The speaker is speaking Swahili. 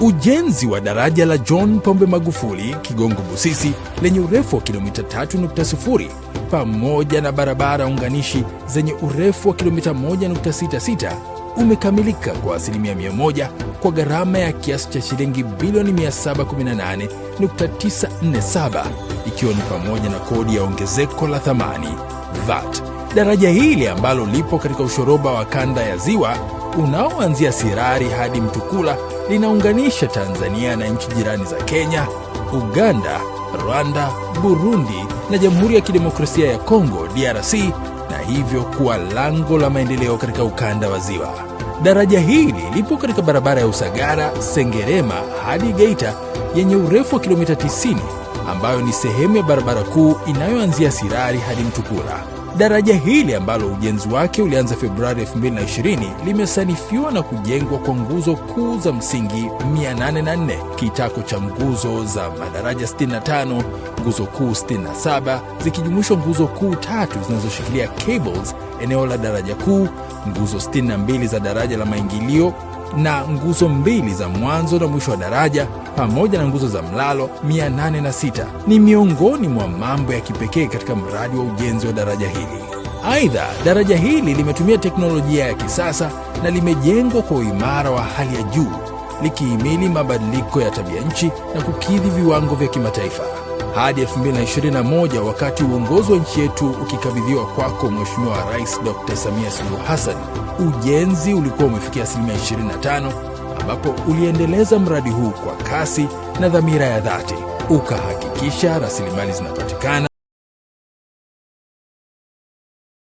Ujenzi wa daraja la John Pombe Magufuli Kigongo Busisi lenye urefu wa kilomita 3.0 pamoja na barabara unganishi zenye urefu wa kilomita 1.66 umekamilika kwa asilimia 1 kwa gharama ya kiasi cha shilingi bilioni 718.947 ikiwa ni pamoja na kodi ya ongezeko la thamani VAT. Daraja hili ambalo lipo katika ushoroba wa kanda ya Ziwa unaoanzia Sirari hadi Mtukula linaunganisha Tanzania na nchi jirani za Kenya, Uganda, Rwanda, Burundi na Jamhuri ya Kidemokrasia ya Kongo DRC na hivyo kuwa lango la maendeleo katika ukanda wa Ziwa. Daraja hili lipo katika barabara ya Usagara Sengerema hadi Geita yenye urefu wa kilomita 90 ambayo ni sehemu ya barabara kuu inayoanzia Sirari hadi Mtukula. Daraja hili ambalo ujenzi wake ulianza Februari 2020 limesanifiwa na kujengwa kwa nguzo kuu za msingi 84 kitako cha nguzo za madaraja 65, nguzo kuu 67 zikijumuishwa nguzo kuu tatu zinazoshikilia cables eneo la daraja kuu, nguzo 62 za daraja la maingilio na nguzo mbili za mwanzo na mwisho wa daraja pamoja na nguzo za mlalo 86 ni miongoni mwa mambo ya kipekee katika mradi wa ujenzi wa daraja hili zaidi. Aidha, daraja hili limetumia teknolojia ya kisasa na limejengwa kwa uimara wa hali ya juu, likihimili mabadiliko ya tabia nchi na kukidhi viwango vya kimataifa. Hadi 2021 wakati uongozi wa nchi yetu ukikabidhiwa kwako, Mheshimiwa Rais Dr. Samia Suluhu Hassan, ujenzi ulikuwa umefikia asilimia 25, ambapo uliendeleza mradi huu kwa kasi na dhamira ya dhati, ukahakikisha rasilimali zinapatikana